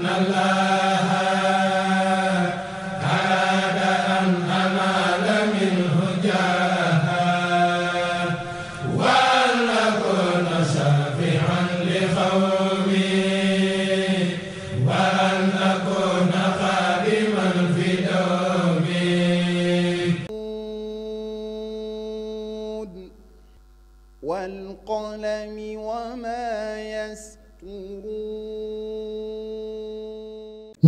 na la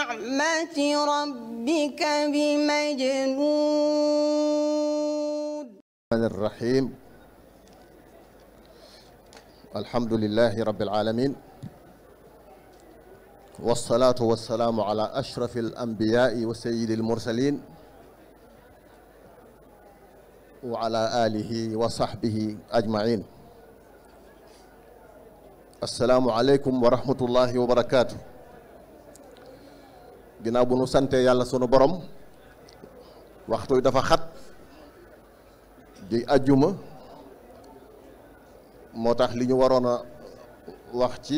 نعمة ربك بمجنون الرحمن الرحيم الحمد لله رب العالمين والصلاة والسلام على أشرف الأنبياء وسيد المرسلين وعلى آله وصحبه أجمعين السلام عليكم ورحمة الله وبركاته ginnaaw bu nu santee yàlla sunu borom waxtu wi dafa xat di ajjuma moo tax li ñu waroon a wax ci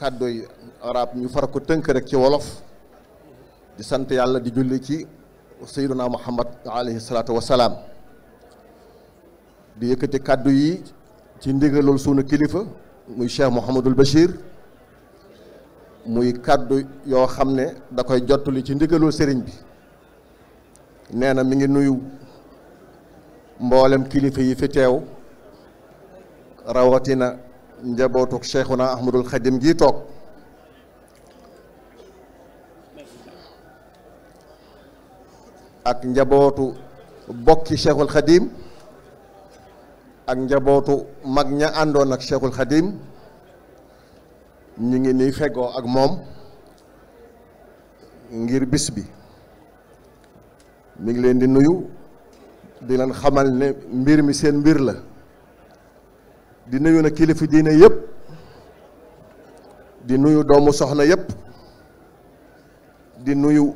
kàddu yi arab ñu far ko tënk rek ci wolof di sant yàlla di julli ci sayyiduna muhammad alayhi salaatu wassalaam di yëkkati kàddu yi ci ndigalul sunu kilifa muy cheikh Mouhamadul Bachir muy kàddu yoo xam ne da koy jottali ci ndigalul sëriñ bi nee na mi ngi nuyu mboolem kilifa yi fi teew rawatina njabootuk na Ahmadul Xadim gi toog ak njabootu bokki Cheikhul Xadim ak njabootu mag ña àndoon ak Cheikhul Xadim ñu ngi nii fegoo ak moom ngir bis bi mu ngi leen di nuyu di leen xamal ne mbir mi seen mbir la di nuyu na kilifa diine yëpp di nuyu doomu soxna yëpp di nuyu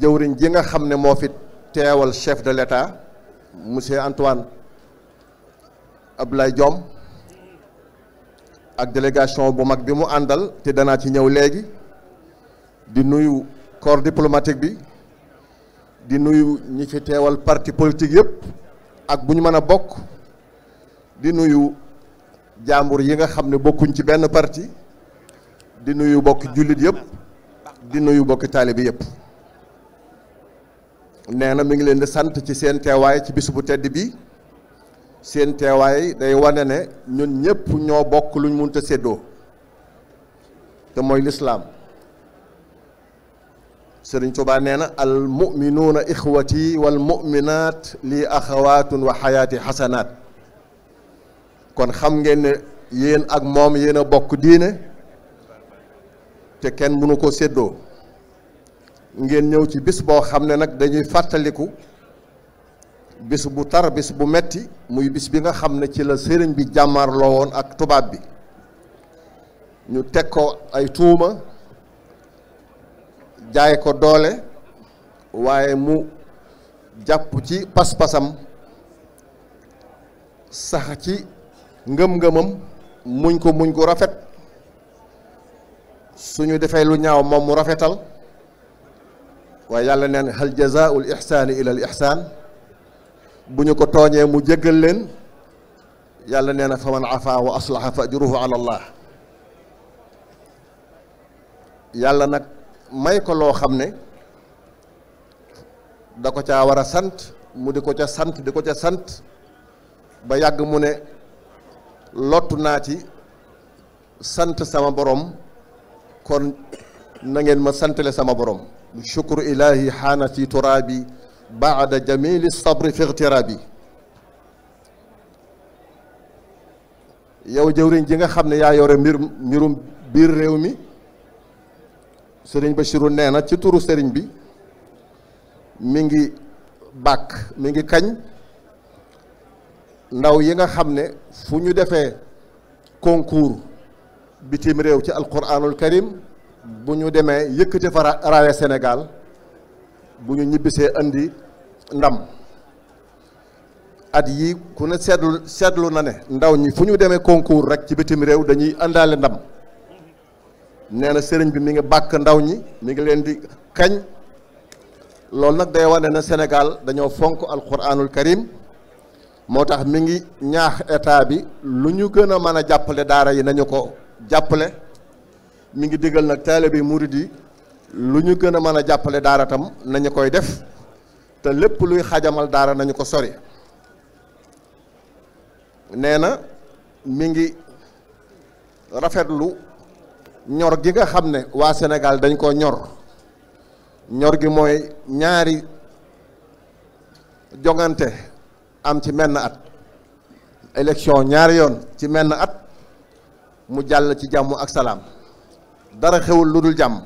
jëwriñ ji nga xam ne moo fi teewal chef de l'État monsieur Antoine Abdoulaye Diome ak délégation bu mag bi mu àndal te danaa ci ñëw léegi di nuyu corps diplomatique bi di nuyu ñi fi teewal parti politique yëpp ak bu ñu mën a bokk di nuyu jàmbur yi nga xam ne bokkuñ ci benn parti di nuyu bokki jullit yëpp di nuyu bokki taalibe yëpp nee na mu ngi leen di sant ci seen teewaay ci bis bu tedd bi seen teewaay day wane ne ñun ñëpp ñoo bokk luñ mënta séddoo te mooy lislaam sëriñ Tuubaa nee na al muminuuna ixwati wal muminaat lii axawaatun wa xayaati xasanaat kon xam ngeen ne yéen ak moom yéen bokk diine te kenn mënu ko séddoo ngeen ñëw ci bés boo xam ne nag dañuy fàttaliku bis bu tar bis bu metti muy bis bi nga xam ne ci la sëriñ bi jàmmaarloo woon ak tubaab bi ñu teg ko ay tuuma jaay ko doole waaye mu jàpp ci pas-pasam sax ci ngëm-ngëmam muñ ko muñ ko rafet suñu defee lu ñaaw moom mu rafetal waaye yàlla neen hal jazaa'ul ihsaani ila ihsaan bu ñu ko tooñee mu jéggal leen yàlla nee na fa man afa wa aslaha fa ajruhu ala yàlla nag may ko loo xam ne da ko caa war a sant mu di ko ca sant di ko ca sant ba yàgg mu ne lottu naa ci sant sama borom kon nangeen ma santale sama borom shukru ilahi xaana si turaabi baada jamili sabri fi bi yow jëwriñ ji nga xam ne yaa yore mbir mbirum biir réew mi sëriñ Bachiru nee na ci turu sëriñ bi mi ngi bàkk mi ngi kañ ndaw yi nga xam ne fu ñu defee concours bitim réew ci alquranul karim bu ñu demee yëkkati fa raaya senegal bu ñu ñibbisee andi ndam at yi ku ne seetlu seetlu na ne ndaw ñi fu ñu demee concours rek ci bitim réew dañuy àndaale ndam nee na sëriñ bi mi ngi bàkk ndaw ñi mi ngi leen di kañ loolu nag day wane na Sénégal dañoo fonk alquranul karim moo tax mi ngi ñaax état bi lu ñu gën a mën a jàppale daara yi nañu ko jàppale mu ngi digal nag taalibe murid di lu ñu gën a mën a jàppale daara tam nañu koy def te lépp luy xajamal daara nañu ko sori nee na mi ngi rafetlu ñor gi nga xam ne waa senegal dañ ko ñor ñor gi mooy ñaari jongante am ci menn at élection ñaari yoon ci menn at mu jàll ci jàmm ak salaam dara xewul lu dul jàmm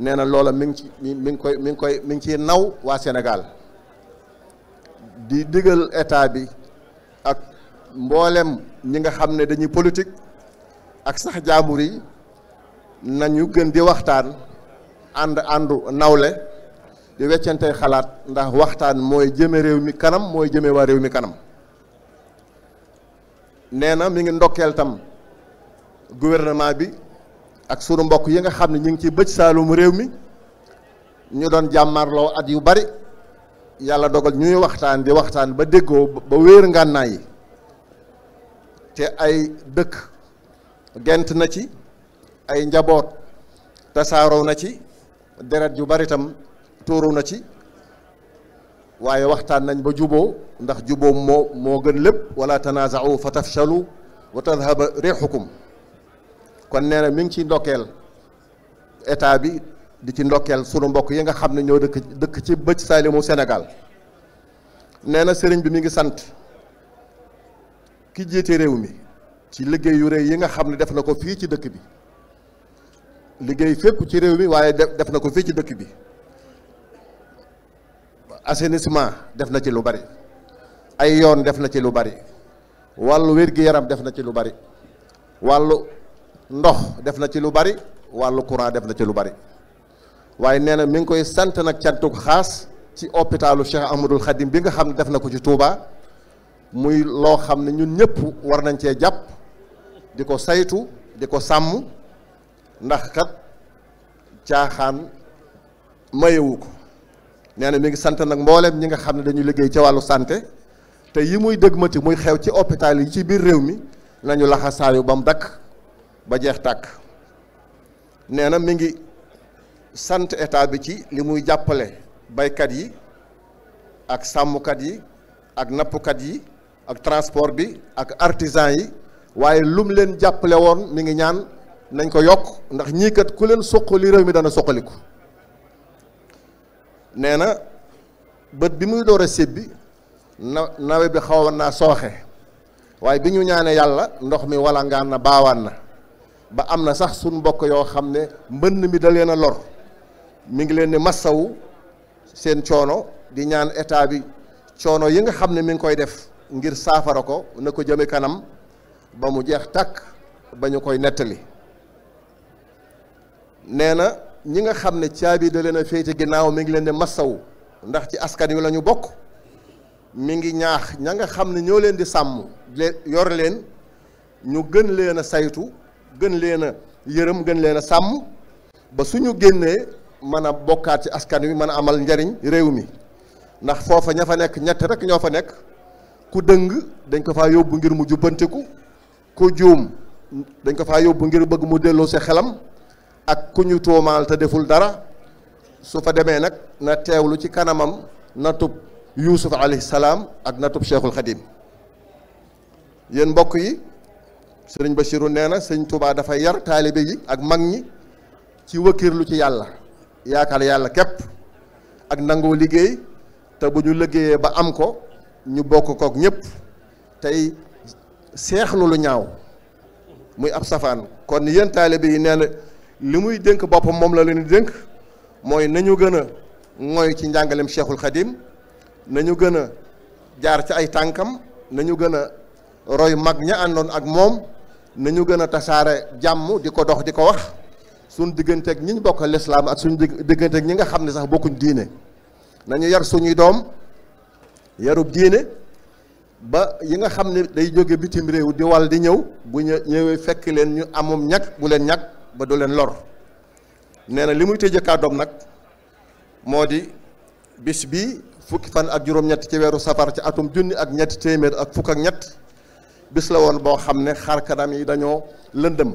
nee na loola mi ngi ci mi ngi koy mi ngi koy mi ngi ci naw waa Sénégal di digal état bi ak mbooleem ñi nga xam ne dañuy politik ak sax jaamur yi nañu gën di waxtaan ànd àndu nawle di weccante xalaat ndax waxtaan mooy jëme réew mi kanam mooy jëme waa réew mi kanam nee na mi ngi ndokkeel tam gouvernement bi ak sunu mbokk yi nga xam ne ñu ngi ci bëj saalum réew mi ñu doon jàmmarloo at yu bari yàlla dogal ñuy waxtaan di waxtaan ba déggoo ba wéer ngànnaay yi te ay dëkk gent na ci ay njaboot tasaaroo na ci deret yu bari tam tuuru na ci waaye waxtaan nañ ba juboo ndax juboo moo moo gën lépp wala tanaaza'u fa tafshalu wa tadhaba riixukum kon nee na mi ngi ciy ndokkeel état bi di ci ndokkeel sunu mbokk yi nga xam ne ñoo dëkk dëkk ci bëj saalimu senegal nee na sëriñ bi mi ngi sant ki jiite réew mi ci liggéey yu réew yi nga xam ne def na ko fii ci dëkk bi liggéey fépp ci réew mi waaye def na ko fii ci dëkk bi assainissement def na ci lu bari ay yoon def na ci lu bari wàllu wér-gi-yaram def na ci lu bari wàllu ndox def na ci lu bari wàllu courant def na ci lu bari waaye nee na mi ngi koy sant nag cantuk xaas ci hôpitalu Cheikh Ahmadoul Khadim bi nga xam ne def na ko ci Touba muy loo xam ne ñun ñëpp war nañ cee jàpp di ko saytu di ko sàmm ndax kat caaxaan mayewu ko nee na mi ngi sant nag mbooleem ñi nga xam ne dañu liggéey ci wàllu santé te yi muy dëgmati muy xew ci hôpital yi ci biir réew mi nañu laxasaayu ba mu dakk ba jeex tàkk nee na mi ngi sant état bi ci li muy jàppale baykat yi ak sàmmkat yi ak nappkat yi ak transport bi ak artisan yi waaye lum leen jàppale woon mi ngi ñaan nañ ko yokk ndax ñii ku leen suqali réew mi dana suqaliku nee na bët bi muy door a sébbi na nawet bi xawoon naa sooxe waaye bi ñu ñaanee yàlla ndox mi ngaa na baawaan na ba am na sax sun mbokk yoo xam ne mbënn mi da leen a lor mi ngi leen ni massawu seen coono di ñaan état bi coono yi nga xam ne mi ngi koy def ngir saafara ko na ko jëme kanam ba mu jeex tàkk ba ñu koy nettali nee na ñi nga xam ne caabi da leen a féete ginnaaw mi ngi leen di massawu ndax ci askan wi lañu bokk mi ngi ñaax ña nga xam ne ñoo leen di sàmm yor leen ñu gën leen a saytu gën leen a yërëm gën leen a sàmm ba suñu génnee mën a bokkaat ci askan wi mën a amal njariñ réew mi ndax foofa ña fa nekk ñett rek ñoo fa nekk ku dëng dañ ko fa yóbbu ngir mu jubbantiku ku juum dañ ko fa yóbbu ngir bëgg mu delloo si xelam ak ku ñu tuumaal te deful dara su fa demee nag na teewlu ci kanamam natub Yuusuf alayhi salaam ak natub Cheikhul Xadim yéen mbokk yi ba Bachiru nee na sëñ Touba dafay yar taalibe yi ak mag ñi ci wëkkirlu ci yàlla yaakaar yàlla képp ak nangoo liggéey te bu ñu liggéeyee ba am ko ñu bokk kook ñëpp tey seexlu lu ñaaw muy ab safaan kon yéen taalibe yi nee na li muy dénk boppam moom la leen di mooy nañu gën a mooy ci njàngaleem Cheikhul Khadim nañu gën a jaar ci ay tànkam nañu gën a roy mag ña àndoon ak moom nañu gën a tasaare jàmm di ko dox di ko wax suñ digganteek ñi ñu ak suñ digganteeg ñi nga xam ne sax bokkuñu diine nañu yar suñuy doom yarub diine ba yi nga xam ne day jóge bitim réew di wal di ñëw bu ñu ñëwee fekk leen ñu amum ñag bu leen ñag ba du leen lor nee na li muy tëjee kàddoom nag moo di bis bi fukki fan ak juróom-ñett ci weeru safar ci atum junni ak ñett téeméer ak fukk ak ñett bis la woon boo xam ne xarkanam yi dañoo lëndëm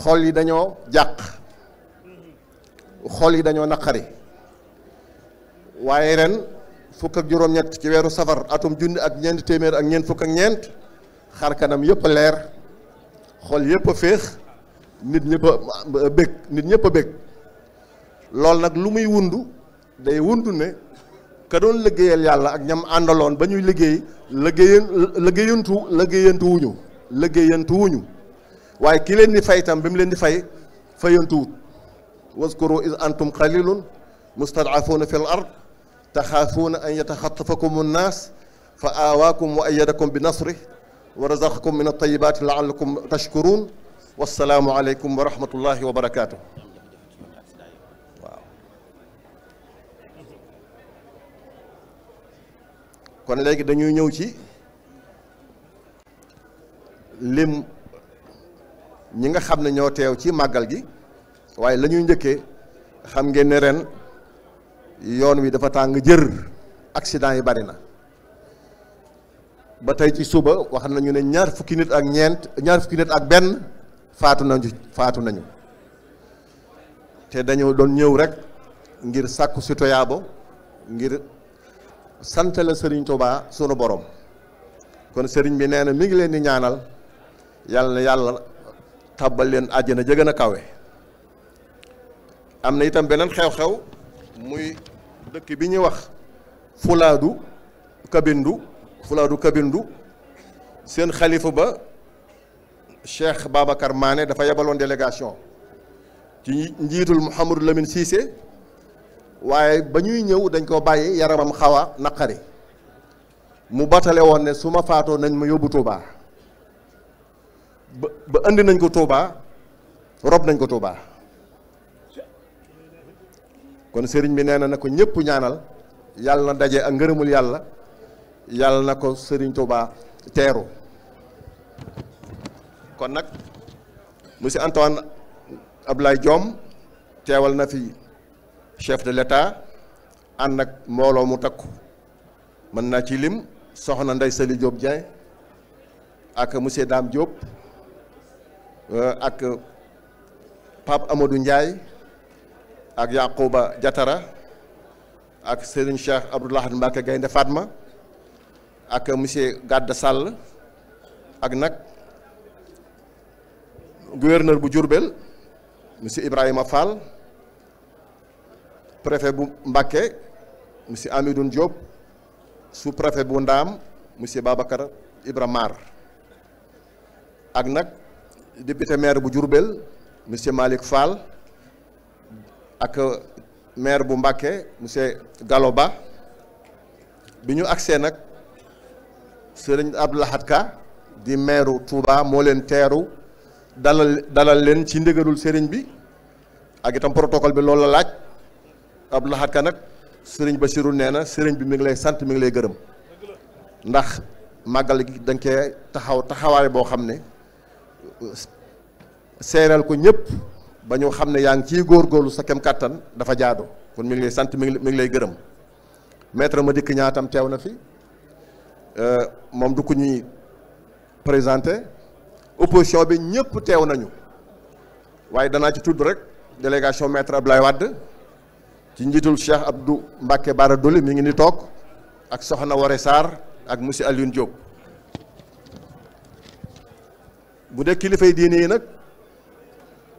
xol yi dañoo jàq xol yi dañoo naqari waaye ren fukk ak juróom-ñett ci weeru safar atum junni ak ñeent téeméer ak ñeent fukk ak ñeent xar kanam yëpp a leer xol yëpp a féex nit ñëpp a bég nit ñëpp a bég loolu nag lu muy wundu day wundu ne. ka doon liggéeyal yàlla ak ñam àndaloon ba ñuy liggéey liggéeyan liggéeyantu liggéeyantu wuñu waaye ki leen di fay itam bi mu leen di fay fayantuwut waskuru is antum qalilun mustadafuuna fi l ard taxaafuuna an yataxatafakum nnaas fa aawaakum wa ayyadakum bi nasri wa razaqakum min altayibaati laallakum tashkuruun wassalaamu aleykum wa rahmatullahi wa barakaatu kon léegi dañuy ñëw ci lim ñi nga xam ne ñoo teew ci màggal gi waaye lañuy njëkkee xam ngeen ne ren yoon wi dafa tàng jër accident yi bari na ba tey ci suba wax nañu ne ñaar fukki nit ak ñeent ñaar fukki nit ak benn faatu nañu faatu nañu te dañoo doon ñëw rek ngir sàkku citoyen bo ngir sant la sëriñ Touba sunu borom kon sëriñ bi nee na mi ngi leen di ñaanal yàlla na yàlla tàbbal leen àjjana ja gën a kawe am na itam beneen xew-xew muy dëkk bi ñuy wax Fulaadu Kabindu Fulaadu Kabindu seen xalifa ba Cheikh Babacar maane dafa yebaloon délégation ci njiitul Mouhamadou Lamine Cissé waaye ba ñuy ñëw dañ ko bàyyi yaramam xaw a naqari mu batale woon ne su ma faatoo nañ ma yóbbu Touba ba indi nañ ko Touba rob nañ ko Touba kon sëriñ bi nee na na ko ñëpp ñaanal yàlla na daje ak ngërëmul yàlla yàlla na ko sëriñ Touba teeru kon nag monsieur Antoine Ablaye Diome teewal na fi. chef de l'État ànd ak mbooloo mu takku mën naa ci lim soxna ndey Saly jóob Dieng ak monsieur Dame Diop euh, ak Pape amadu njaay ak Yacouba jatara ak Serigne Cheikh Abdoulahad Mbacke Gaynde Fatma ak monsieur Gadda Sall ak nag gouverneur bu Diourbel monsieur Ibrahima Fall préfet bu Mbacké monsieur Amidoune Diop su préfet bu Ndaam monsieur Babacar Ibra Mar ak nag député maire bu Diourbel monsieur Malick Fall ak maire bu Mbacké monsieur Gallo Ba bi ñu agsee nag sëriñ Abdou ab lahatka di maire Touba moo leen teeru dalal dalal leen ci ndigalul sëriñ bi ak itam protocole bi loolu la laaj Abdou Lahad Ka nag sëriñ ba siru nee na sëriñ bi mi ngi lay sant mi ngi lay gërëm ndax màggal gi da nga taxaw taxawaay boo xam ne seeral ko ñëpp ba ñu xam ne yaa ngi ciy góorgóorlu sa kem kàttan dafa jaado kon mi ngi lay sant mi ngi mi ngi lay gërëm maître ma dikk ñaatam teew na fi euh, moom du ko ñuy présenté opposition bi ñëpp teew nañu waaye danaa ci tudd rek délégation maître Abdoulaye Wade ci njiitul Cheikh Abdou Mbacke Bara Dolly mi ngi ni toog ak Soxna Waré Sarr ak monsieur Alioune Diop bu dee kilifay diine yi nag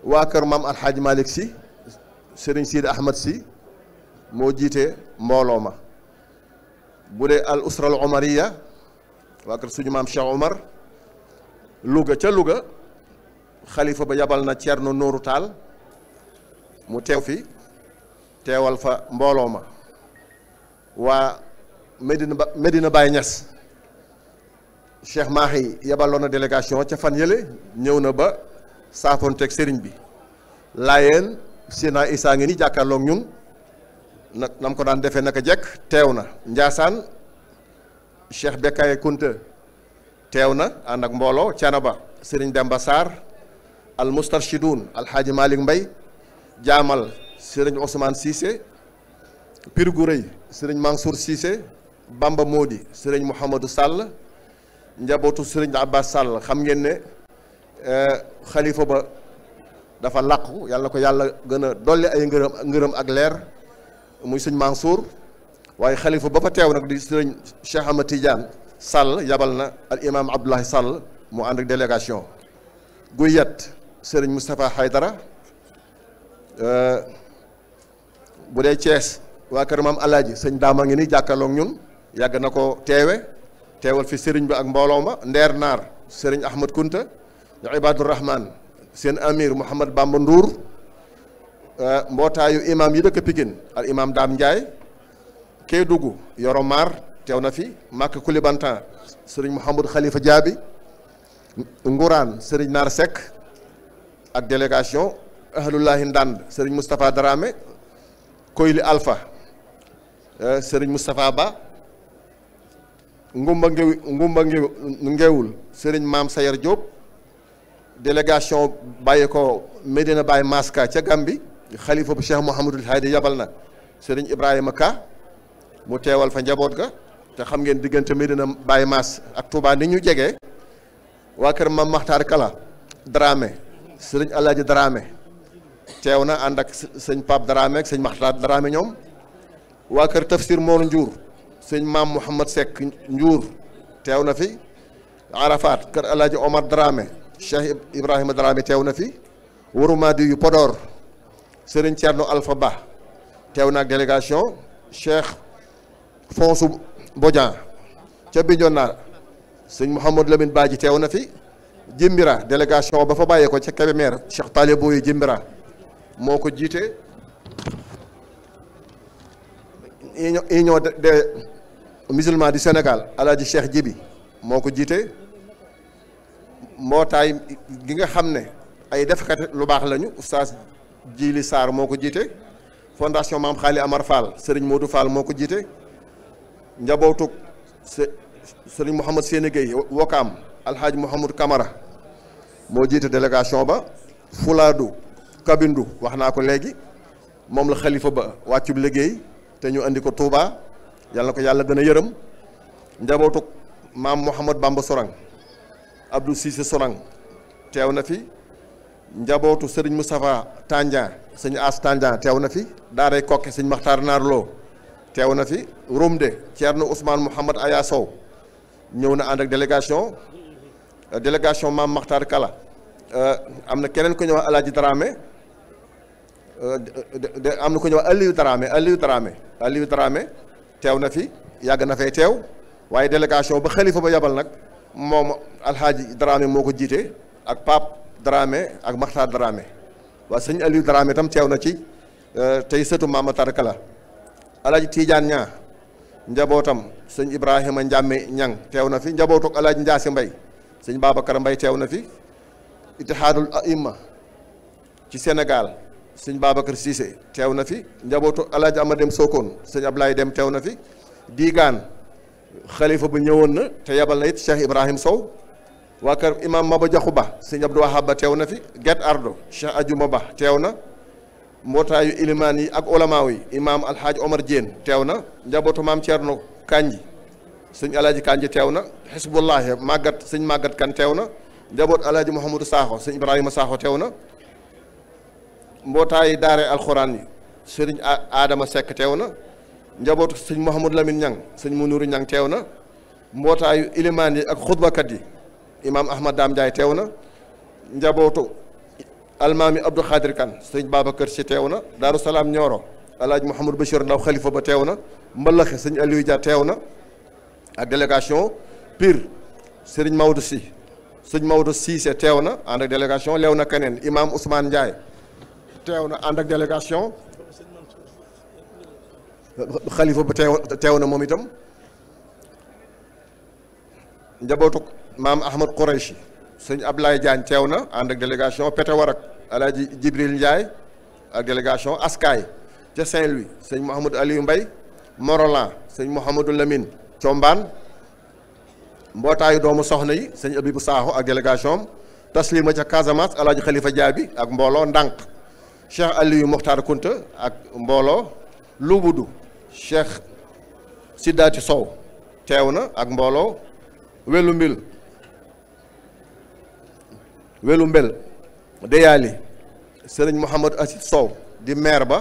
waa kër maam Alxaaji Malick si sëriñ Sidi Ahmad si moo jiite mbooloo ma bu dee al usra al omariya waa kër suñu maam Cheikh Omar Louga ca luga xalifa ba yabal na Thierno Nourou Tall mu teew fi teewal fa mbooloo ma waa Medina ba Medina Baye Niass Cheikh Mahi yebaloon na délégation ca fan yële ñëw na ba saafonteeg sëriñ bi laayeen Sina Issa ngi ni jàkkaarloog ñun nag nam ko daan defee naka jekk teew na Njaasaan Cheikh Bekaye Kunta teew na ànd ak mbooloo Canaba sëriñ Demba Sarr al Moustarchidoun alhaaji Malick Mbay jaamal sëriñ Ousmane Cissé piir gu rëy sëriñ Mansour Cissé Bamba Modi sëriñ Mouhamadou Sall njabootu sëriñ Abbas Sall xam ngeen ne eh, xalifa ba dafa làqu yàlla na ko yàlla gën a dolli ay ngërëm ngërëm ak leer muy sëñ Mansour waaye xalifa ba fa teew nag di sëriñ Cheikh Ahmad Tidiane Sall yabal na al imaam Abdoulahi Sall mu ànd ak délégation Guyet sëriñ Moustapha Haydara eh, bu dee Thiès waa kër maam Alaaji sëñ daama ngi ni jàkkaarloog ñun yàgg na ko teewe teewal fi sëriñ bi ak mbooloo ma ndeer naar sëriñ Ahmad Kunta Ibadur Rahman seen amir Mouhamad Bamba Ndour euh, mbootaayu imam yi dëkk Pikine al imam Dame Ndiaye Kédougou Yoro Mar teew na fi Màkk Koulibantan sëriñ Mouhamadou Khalifa Diaby Ngouraan sëriñ Naar Seck ak délégation ahlullahi Ndand sëriñ Moustapha Dramé Koyli Alpha eh, Serigne Moustapha Ba Ngumba Ngew Ngumba Ngewul Serigne Maam Sayar Diop délégation bàyyi ko Medina Baye Maska ca Gambi xalifa bu Cheikh Mouhamadul Hadi yabal na Serigne Ibrahima Ka mu teewal fa njaboot ga te xam ngeen diggante Medina Baye Mas ak Touba ni ñu jege waa kër Maam Maxtaar Kala Dramé Serigne Alaaji Dramé teew na ànd ak sëñ Pape Dramé ak sëñ Maxtaat Dramé ñoom waa kër Tafsir Mor Ndiour sëñ maam Mouhamad Seck Ndiour teew na fi Arafat kër El Hadj Omar Dramé Cheikh Ibrahima teew na fi Wurumadi yu Podor sëriñ Thierno Alpha Ba teew na ak délégation Cheikh Fonsou Bodian ca Bignona sëñ Mouhamad Lamine Badji teew na fi Jimbira délégation ba fa bàyyee ko ca Kébémer Cheikh Talibou yu Jimbira moo ko jiite union union des musulmans du Sénégal alaaji Cheikh Jibi moo ko jiite mbootaay gi nga xam ne ay defkat lu baax lañu oustaz Jili saar moo ko jiite fondation Maam Xaali Amar Fall Serigne Modou Fall moo ko jiite njabootug sëriñ Mouhamad Séné Gueye Wokaam Alhaaj Mouhamad Kamara moo jiite délégation ba Fulaadu kabindu wax naa ko léegi moom la xalifa ba wàccub liggéey te ñu indi ko Touba yàlla na ko yàlla gën a yërëm njabootu maam Mouhamad Bamba Sorang Abdou Cissé Sorang teew na fi njabootu sëriñ Moustapha Tandian sëñ As Tandian teew na fi daaray kokke sëñ Maxtaar Naar Lo teew na fi Rumde Thierno usmaan Mouhamad Aya Sow ñëw na ànd ak délégation euh, délégation maam Maxtaar Kala euh, am na keneen ko ñëw Alaaji Dramé am na ku ñuy wax Aliou Dramé Aliou Dramé Aliou teew na fi yàgg na fee teew waaye délégation ba xalifa ba yabal nag moom alxaaji Dramé moo ko jiite ak Pape Dramé ak Maxtaar Dramé waa sëñ Aliou Dramé tam teew na ci euh, tey sëtu Maam Matar Kala alaaji Tiijaan ñaa njabootam sëñ Ibrahima Ndiame ñang teew na fi njabootu alaaji si Mbay sëñ Babacar Mbay teew na fi itihaadul aima ci Sénégal sëñ baaba Cissé teew na fi njabootu alaaji ama dem Sokone sëñ Ablaye dem teew na fi diigaan xalifa bu ñëwoon na te yebal na it Cheikh Ibrahim Sow waa kër imam Maba Jaxu Ba sëñ Abdou Wahab Ba teew na fi Guet Ardo Cheikh Adjuma Ba teew na mbootaayu ilimaan yi ak olamaaw yi imam Alhaaj Omar Diène teew na njabootu maam Thierno Kanji sëñ alaaji Kanji teew na xisbullahi màggat sëñ màggat kan teew na njaboot alaaji Mouhamadou Sakho sëñ Ibrahima Sakho teew na mbootaayu daare alxuraan yi sëriñ Adama Seck teew na njabootu sëñ Mouhamadou Lamine Niang sëñ Mounirou Niang teew na mbootaayu ilimaan yi ak xutbakat yi imaam Ahmad Dame Ndiaye teew na njabootu almaami Abdou Khadir Kane sëñ Babacar Si teew na Daaru Salaam Nioro alaaj Mouhamadou Bachir Ndaw xalifa ba teew na Mbalaxe sëñ Aliou teew na ak délégation piir sëriñ Maodo Si sëñ Maodo Cissé teew na ànd ak délégation Léona Kaneen imaam Ousmane Ndiaye teew na ànd ak délégation xalifa bu teew teew na moom itam njabootu maam Ahmad Qurayshi sëñ Ablaye Diagne teew na ànd ak délégation Pete Warak alaaji Jibril Ndiaye ak délégation askaay ca Saint-Louis sëñ Mouhamadou Aliou Mbaye Morolan sëñ Mouhamadou Lamine Combaan mbootaayu doomu soxna yi sëñ Abibou Saaxu ak délégation am taslima ca Casamance alaaji Khalifa Diaby ak mbooloo ndànk Cheikh Aliou Mokhtar Kunta ak mbooloo Lubudu Cheikh Sidaati Sow teew na ak mbooloo welu mbil welu mbel Deyaali sëriñ Mouhamad Asid Sow di maire ba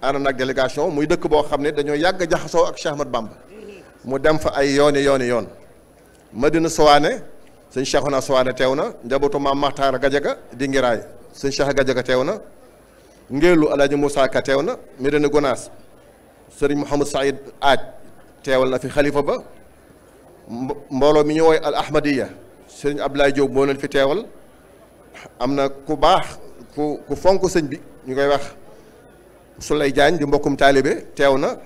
ànd na ak délégation muy dëkk boo xam ne dañoo yàgg jaxasoo ak Cheikh Ahmad Bamba mu dem fa ay yooni yooni yoon Madina Sowaane sëñ Cheikhouna Sowaane teew na njabootu maam Maxtaar Gajaga di ngiraay sëñ Cheikh Gajaga teew na ngeelu alaaji Moussa Ka teew na Médina Gonaas sëriñ Mouhamed Saïd aaj teewal na fi xalifa ba mbooloo mi ñu woy al ahmadiya sëriñ Abdoulaye Diop moo leen fi teewal am na ku baax ku ku fonk sëñ bi ñu koy wax Souley Diagne di mbokkum taalibe teew na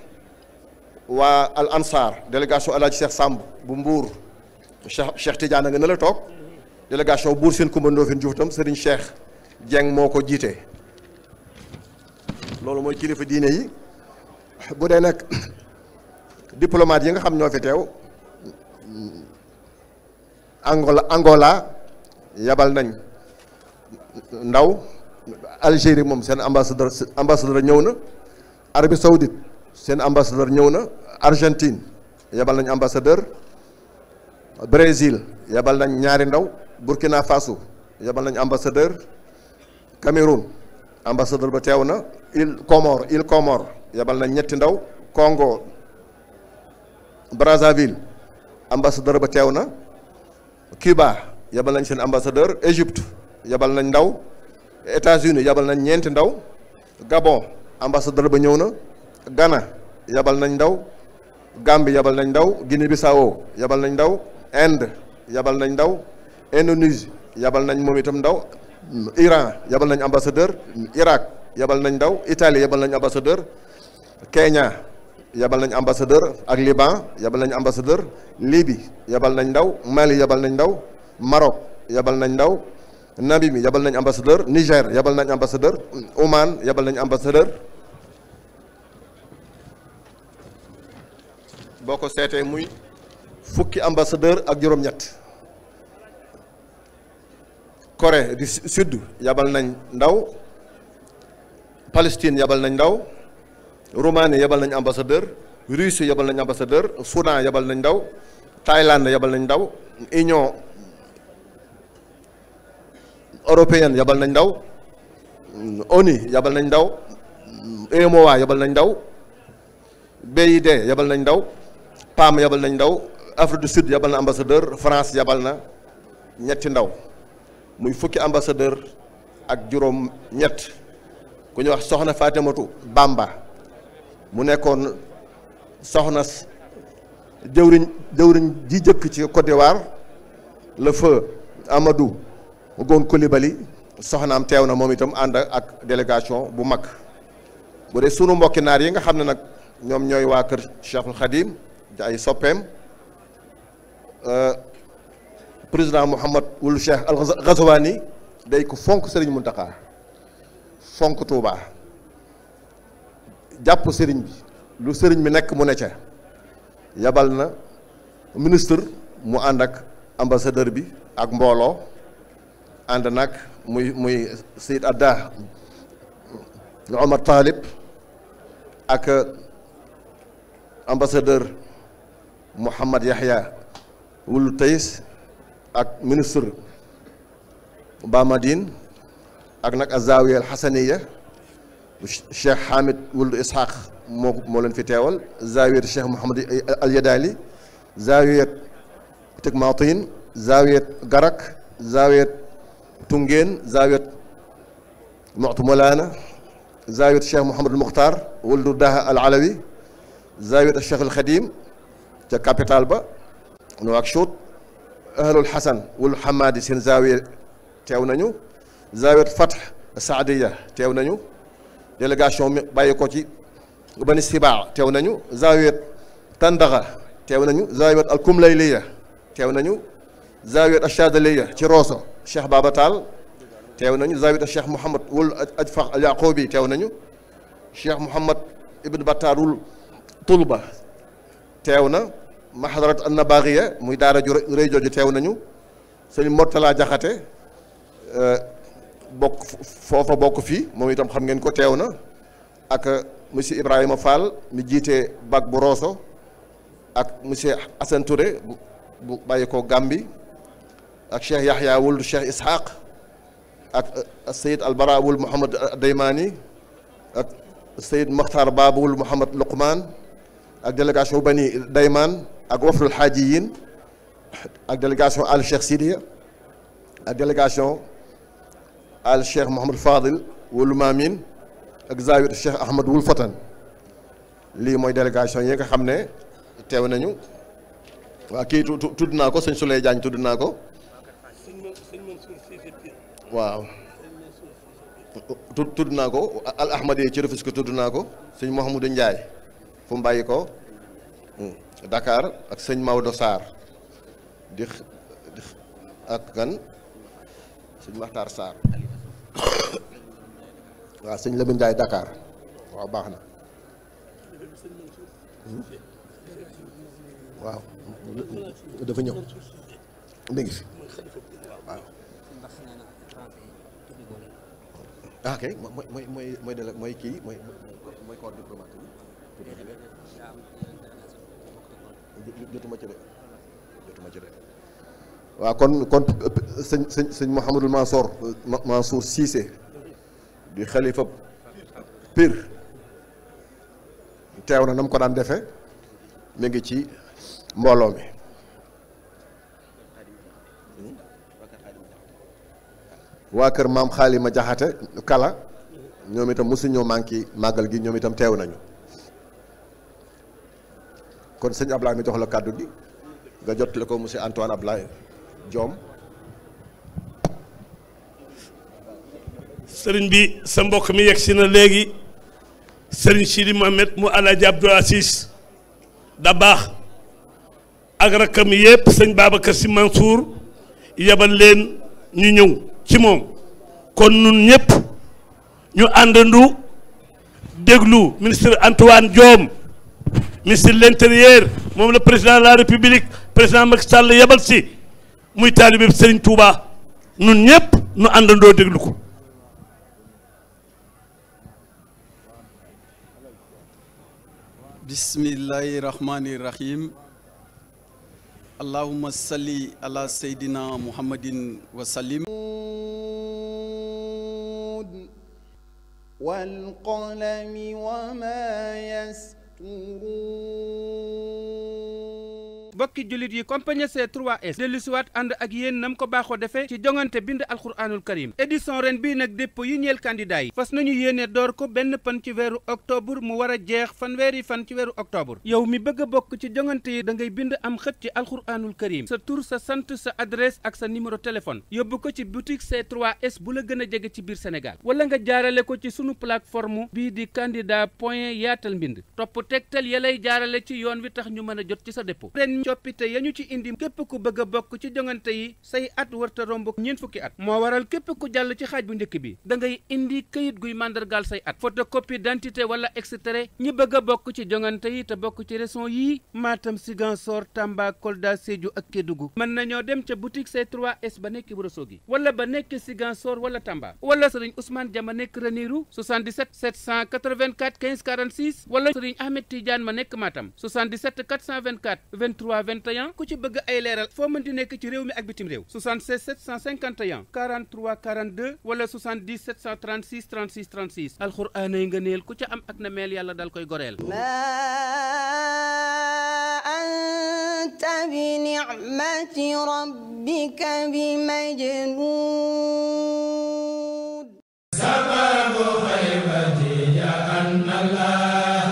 waa al ansar délégation alaaji Cheikh Samb bu Mbuur Cheikh Cheikh Tidiane nga toog délégation buur seen Kumba Ndofène tam sëriñ Cheikh Dieng moo ko jiite loolu mooy kilifa diine yi bu dee nag diplomate yi nga xam ñoo fi teew Angola Angola yabal nañ ndaw Algérie moom seen ambassadeur ambassadeur ñëw na Arabie Saoudite seen ambassadeur ñëw na Argentine yabal nañ ambassadeur Brésil yabal nañ ñaari ndaw Burkina Faso yabal nañ ambassadeur Cameroun ambassadeur ba teew na île Comore île Comore yabal na ñetti ndaw Congo Brazzaville ambassadeur ba teew na Cuba yabal nañ seen ambassadeur Égypte yabal nañ ndaw États-Unis yabal nañ ñeenti ndaw Gabon ambassadeur ba ñëw na Ghana yabal nañ ndaw Gambie yabal nañ ndaw Guinée-Bissau yabal nañ ndaw Inde yabal nañ ndaw Indonésie yabal nañ moom itam ndaw Iran yabal nañ ambassadeur Irak yebal nañ ndaw Italie yebal nañ ambassadeur keña yebal nañ ambassadeur ak Liban yabal nañ ambassadeur Libye yebal nañ ndaw Mali yebal nañ ndaw Maroc yebal nañ ndaw Namibie yabal nañ ambassadeur Niger yabal nañ ambassadeur Oman yebal nañu ambassadeur boo ko seetee muy fukki ambassadeur ak juróom-ñett Corée Sud yabal nañ ndaw Palestine yabal nañ ndaw Roumanie yabal nañ ambassadeur Russie yabal nañ ambassadeur Soudan yabal nañ ndaw Thaïlande yabal nañ ndaw Union européenne yabal nañ ndaw ONU yabal nañ ndaw UEMOA yabal nañ ndaw BID yabal nañ ndaw PAM yabal nañ ndaw Afrique du Sud yabal na ambassadeur France yabal na ñetti ndaw muy fukki ambassadeur ak juróom ñett ku ñu wax soxna Fatimatu bàmba mu nekkoon soxna jëwriñ jëwriñ ji jëkk ci Côte d'Ivoire le feu Amadou Gon Coulibaly soxnaam teew na moom itam ànd ak délégation bu mag bu dee sunu mbokki naar yi nga xam ne nag ñoom ñooy waa kër Cheikhul Khadim ay soppeem euh, président Mouhamad wulu Cheikh al Ghazawani day ko fonk sëriñ Mountakha fonk Touba jàpp sëriñ bi lu sëriñ bi nekk mu ne ca yabal na ministre mu ànd ak ambassadeur bi ak mbooloo ànd nag muy muy Seyid Adda Omar Talib ak ambassadeur Mouhamad Yahya wulu Taïs ak ministre Bamadine ak nag azawiyal xasaniya Cheikh Hamid Wuld Ishaq moo fi teewal zawiyat Cheikh Mouhamad Al Yadali zawiyat Tegmatin zawiyat Garak zawiyat Tungeen zawiyat Moutu Molana zawiyat Cheikh Mouhamad Al Mukhtar Daha Alawi zawiyat Cheikh Al Khadim ca capital ba Nouakchott ahlul xasan wul xamaadi seen zaawiya teew nañu zaawiyat fath saadiya teew nañu délégation mi ko ci bani sibaa teew nañu zaawiyat tandaxa teew nañu zaawiyat alkumlayliya teew nañu zaawiyat achadaliya ci rooso cheikh baba taal teew nañu zaawiyat cheikh mouhamad wul ajfax al teew nañu cheikh mouhamad ibn battar wul tulba teew na mahadarat annabaaxiya muy daara ju rëy jooju teew nañu sëñ Mortala Jaxate eh, bokk foofa bokk fii moom itam xam ngeen ko teew na ak monsieur Ibrahima Fall mi jiite bac bu Rosso ak monsieur Assane bu bàyyi ko Gàmbi ak Cheikh Yahya wul Cheikh Ishaq ak eh, Sayid Albara wul Mouhamad Daymani ak Sayid Makhtar Ba wul Mouhamad Luqman ak délégation bani Dayman ak wafdul xaaji yiin ak délégation al cheikh Sidiya ak délégation al cheikh Mouhamadou Fadil wulu Maamin ak zawit cheikh Ahmad wul Fatan lii mooy délégation yi nga xam ne teew nañu waa kii ko sëñ Souley naa ko waaw tudd naa ko al Ahmad yi ci refus ko tudd naa ko sëñ Mouhamadou Ndiaye fu mu ko Hmm. dakaar ak sëñ Maodo Sarr di ak kan sëñ Maxtaar Sarr waaw sëñ Lamine Ndiaye Dakar waaw baax na hmm? waaw dafa ñëw mi ngi waaw ah kay mooy mooy mooy mooy kii mooy mooy corps diplomatique jotuma ci de jotuma ci de waaw kon kon sëñ sëñ sëñ Mouhamadul Mansour Mansour Cissé di xalifa Pire teew na na mu ko daan defe mu ngi ci mbooloo mi waa kër maam xaalima jaxate kala ñoom itam mosu ñoo manqué màggal gi ñoom itam teew nañu kon sëñ Ablaye mi jox la kàddu gi nga jottali ko monsieur Antoine Ablaye Diome. sëriñ bi sa mbokk mi yegg si na léegi sëriñ Sidi Mohamed mu Alaaji Abdou Aziz da baax ak rakkam yëpp sëñ Babacar Sy Mansour yebal leen ñu ñëw ci moom kon nun ñëpp ñu àndandu déglu ministre Antoine Diome. ministre de l'intérieur moom la président de la république président Macky Sall yebal si muy taalibe Serigne Touba ñun ñëpp ñu àndandoo déglu ko bismillahi rahmani rahim allahumma salli ala sayyidina muhammadin wa sallim wal qalami wa ma yas تُبْصِرُونَ mbokki jullit yi compagnie C3S dellu siwaat ànd ak yéen nam ko baaxoo defee ci jongante bind alxuraanul karim édition ren bii nag dépôt yi ñeel candidat yi fas nañu yéene door ko benn pan ci weeru octobre mu war a jeex fanweeri fan ci weeru octobre yow mi bëgg bokk ci jongante yi da ngay bind am xët ci alxuraanul karim sa tur sa sant sa adresse ak sa numéro téléphone yóbbu ko ci boutique C3S bu la gën a jege ci biir Sénégal wala nga jaarale ko ci sunu plateforme bii di candidat point yaatal mbind topp tegtal ya lay ci yoon wi tax ñu mën a jot ci sa dépôt coppite ya ñu ci indi képp ku bëgg a bokk ci jongante yi say at warta romb ñeent fukki at moo waral képp ku jàll ci xaaj bu njëkk bi da ngay indi këyit guy màndargaal say at photocopie d'identité wala et cetera ñi bëgg a bokk ci jongante yi te bokk ci régions yii Matam Ziguinchor Tamba Kolda Sédhiou ak Kédougou mën nañoo dem ca boutique C3S ba nekk Ourossogui wala ba nekk Ziguinchor wala Tamba wala sëriñ Ousmane Jama nekk Ranérou 77 784 15 46 wala sëriñ Ahmed Tidiane ma nekk Matam 77 424 23 751 ku ci bëgg ay leeral foo mën di nekk ci réew mi ak bitim réew 76 751 43 42 wala 70 736 36 36 alxuraan ay am ak na koy goreel anta bi ni'mati rabbika ya anna allah